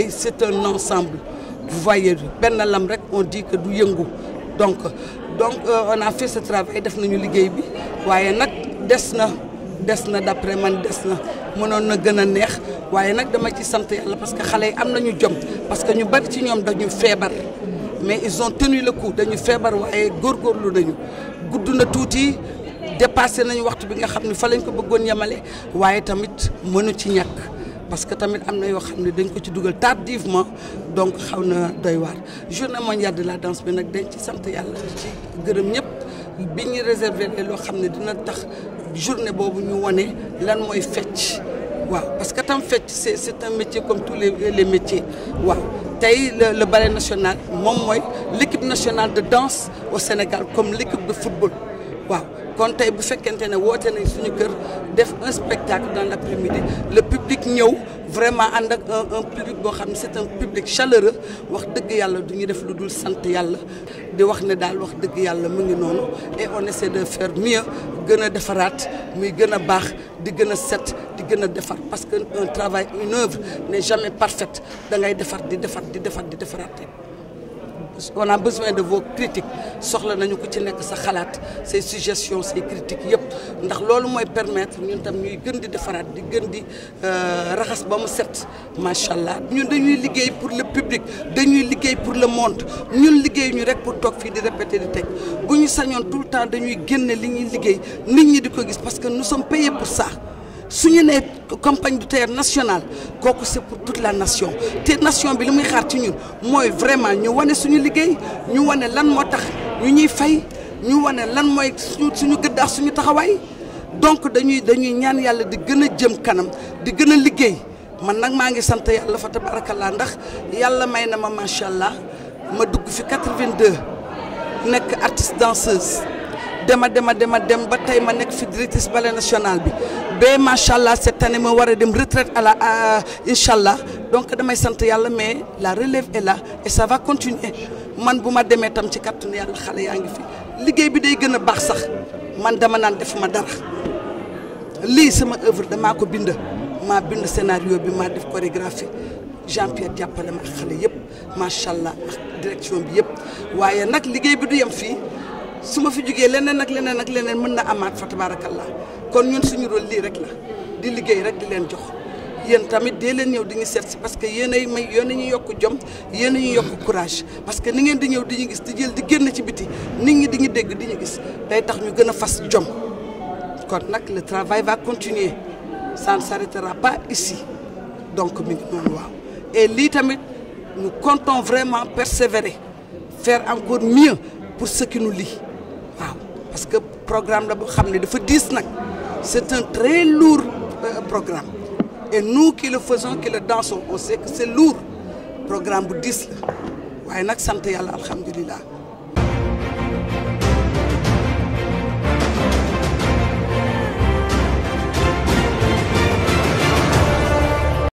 et c'est un ensemble vous voyez benn lam rek on di que du yëngu donc donc euh, on a fait def nañu liggéey bi waaye nag des na des na d'après man des na mënoon na gën a neex waaye nag dama ci sant yàlla parce que xale yi am nañu jom parce que ñu bari ci ñoom dañu feebar mais ils ont tenu le coup dañu feebar waaye góorgóorlu nañu gudd na tuuti dépassé nañu waxtu bi nga xam ne fa lañ ko bëggoon yemale waaye tamit mënu ci ñàkk parce que tamit am na yoo xam ne dañ ko ci dugal tardivement donc xaw na doy waar journée mondiale de la danse bi nag dañ ci sant yàlla ci gërëm ñëpp bi ñu réservé loo xam ne dina tax journée boobu ñu wane lan mooy fecc waaw parce que tam fecc c'est c'est un métier comme tous les métiers waaw tey le le ballet national moom mooy l'équipe nationale de danse au Sénégal comme l'équipe de football waaw kon tey bu fekkente ne woote nañ suñu kër def un spectacle dans l'après-midi le public ñëw vraiment ànd ak un public boo xam ne c'est un public chaleur wax dëgg yàlla du ñu def lu dul sant yàlla di wax ne daal wax dëgg yàlla mu ngi noonu et on essaie de faire mieux gën a defaraat muy gën a baax di gën a set di gën a defar parce que un travail une œuvre n'est jamais parfaite da ngay defar di defar di defar di defaraat on a besoin de vos critiques soxla nañu ko ci nekk sa xalaat say suggestions say critiques yëpp ndax loolu mooy permettre ñun tam ñuy gën di defaraat di gën di euh, raxas ba mu set macha allah ñun dañuy liggéey pour le public dañuy liggéey pour le monde ñun liggéey ñu rek pour toog fii di répéter di teg bu ñu sañoon tout le temps dañuy génne li ñuy liggéey nit ñi di ko gis parce que nous sommes payés pour ça. su ñu nee compagne de terre nationale kooku c'est pour toute la nation te nation bi li muy xaar ci ñun mooy vraiment ñu wane suñu liggéey ñu wane lan moo tax ñu ñuy fay ñu wane lan mooy suñu gëddaax suñu taxawaay donc dañuy dañuy ñaan yàlla di gën a jëm kanam di gën a liggéey man nag maa ngi sante yàlla fa tabarakallah ndax yàlla may na ma macha allah ma dugg fi 82 nekk artiste danseuse. dema dema dema dem ba tey ma nekk fi directrice bale nationale bi ba macha allah cette année ma war a dem retraite à la allah donc damay sant yàlla mais la relève est la et ça va continuer man bu ma demee tam ci kàttanu yàlla xale yaa ngi fi liggéey bi day gën a baax sax man dama naan def ma dara lii sama œuvre damaa ko bind maa bind scénario bi maa def chorégraphie Jean Pierre jàppale ma xale yëpp macha allah direction bi yëpp waaye nag liggéey bi du yem fii. su ma fi jugee leneen ak leneen ak leneen mën na amaat fa tabarakallah kon ñun suñu rôle lii rek la di liggéey rek di leen jox yéen tamit dee leen ñëw di ñu seet si parce que yéen ay may yéen a ñu yokk jom yéen a ñu yokk courage parce que ni ngeen di ñëw di ñu gis di jël di génn ci biti nit ñi di ñu dégg di ñu gis day tax ñu gën a fas jom kon nag le travail va continuer san ne s'arrêtera pas donc mi noonu waaw et lii tamit nous comptons vraiment persévérer faire encore mieux pour ce qui parce que programme la boo xam ne dafa diis nag c'est un très lourd euh, programme et nous qui le faisons qui le dansons on sait que c'est lourd programme bu diis la waaye nag sant yàlla alhamdulilah